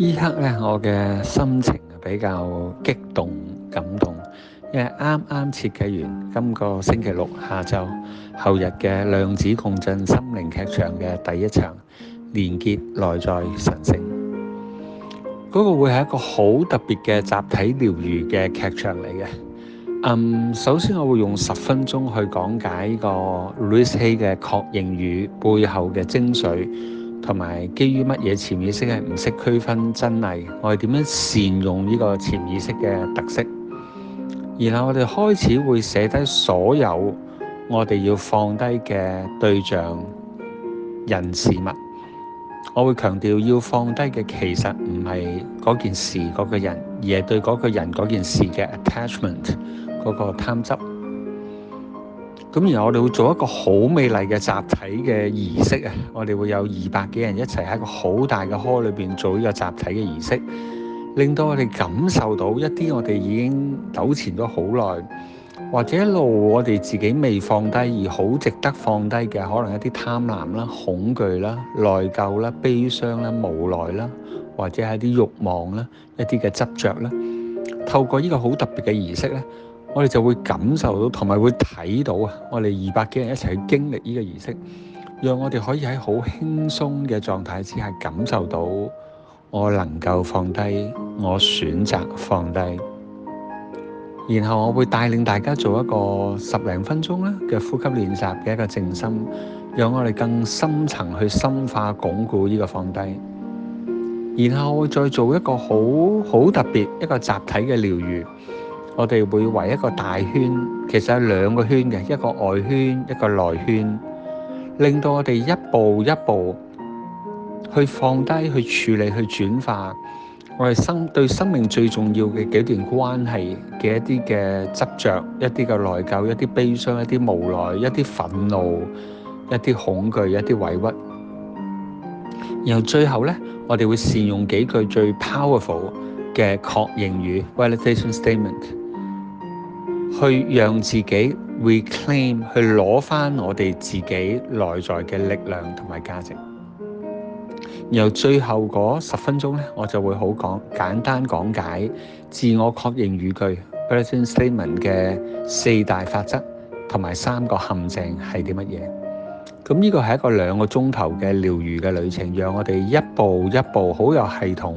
這刻呢刻咧，我嘅心情比較激動、感動，因為啱啱設計完今個星期六下晝後日嘅量子共振心靈劇場嘅第一場，連結內在神聖。嗰、這個會係一個好特別嘅集體療愈嘅劇場嚟嘅。嗯，首先我會用十分鐘去講解呢個 Louise Hay 嘅確認語背後嘅精髓。同埋，基於乜嘢潛意識係唔識區分真偽？我哋點樣善用呢個潛意識嘅特色？然後我哋開始會寫低所有我哋要放低嘅對象、人、事、物。我會強調要放低嘅，其實唔係嗰件事、嗰、嗰個人，而係對嗰個人、嗰件事嘅 attachment 嗰個貪執。咁然後我哋會做一個好美麗嘅集體嘅儀式啊！我哋會有二百幾人一齊喺一個好大嘅窩裏邊做呢個集體嘅儀式，令到我哋感受到一啲我哋已經糾纏咗好耐，或者一路我哋自己未放低而好值得放低嘅，可能一啲貪婪啦、恐懼啦、內疚啦、悲傷啦、無奈啦，或者係啲慾望啦、一啲嘅執着啦，透過呢個好特別嘅儀式咧。我哋就會感受到，同埋會睇到啊！我哋二百幾人一齊去經歷呢個儀式，讓我哋可以喺好輕鬆嘅狀態之下感受到，我能夠放低，我選擇放低。然後我會帶領大家做一個十零分鐘咧嘅呼吸練習嘅一個靜心，讓我哋更深層去深化、鞏固呢個放低。然後再做一個好好特別一個集體嘅療愈。我哋會圍一個大圈，其實有兩個圈嘅，一個外圈，一個內圈，令到我哋一步一步去放低、去處理、去轉化我哋生對生命最重要嘅幾段關係嘅一啲嘅執著、一啲嘅內疚、一啲悲傷、一啲無奈、一啲憤怒、一啲恐懼、一啲委屈。然後最後呢，我哋會善用幾句最 powerful 嘅確認語 （validation statement）。去讓自己 reclaim，去攞返我哋自己內在嘅力量同埋價值。然後最後嗰十分鐘咧，我就會好講簡單講解自我確認語句，Billian Statement 嘅四大法則同埋三個陷阱係啲乜嘢？咁呢個係一個兩個鐘頭嘅療愈嘅旅程，讓我哋一步一步好有系統。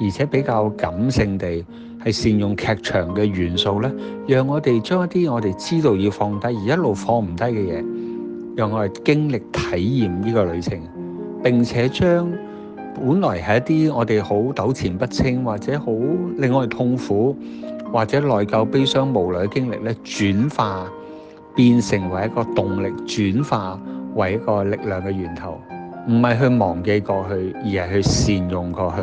而且比較感性地係善用劇場嘅元素咧，讓我哋將一啲我哋知道要放低而一路放唔低嘅嘢，讓我哋經歷體驗呢個旅程。並且將本來係一啲我哋好糾纏不清或者好令我哋痛苦或者內疚、悲傷無奈嘅經歷咧，轉化變成為一個動力，轉化為一個力量嘅源頭，唔係去忘記過去，而係去善用過去。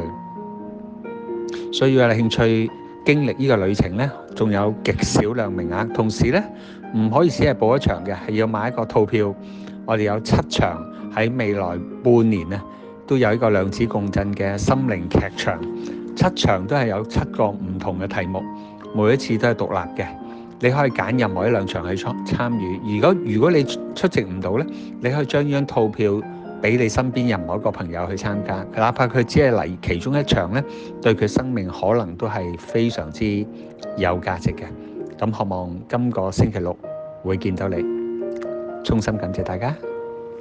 所以有興趣經歷呢個旅程呢，仲有極少量名額。同時呢，唔可以只係報一場嘅，係要買一個套票。我哋有七場喺未來半年呢，都有一個量子共振嘅心靈劇場。七場都係有七個唔同嘅題目，每一次都係獨立嘅。你可以揀任何一兩場去參參與。如果如果你出席唔到呢，你可以將呢張套票，俾你身邊任何一個朋友去參加，佢哪怕佢只係嚟其中一場咧，對佢生命可能都係非常之有價值嘅。咁希望今個星期六會見到你，衷心感謝大家。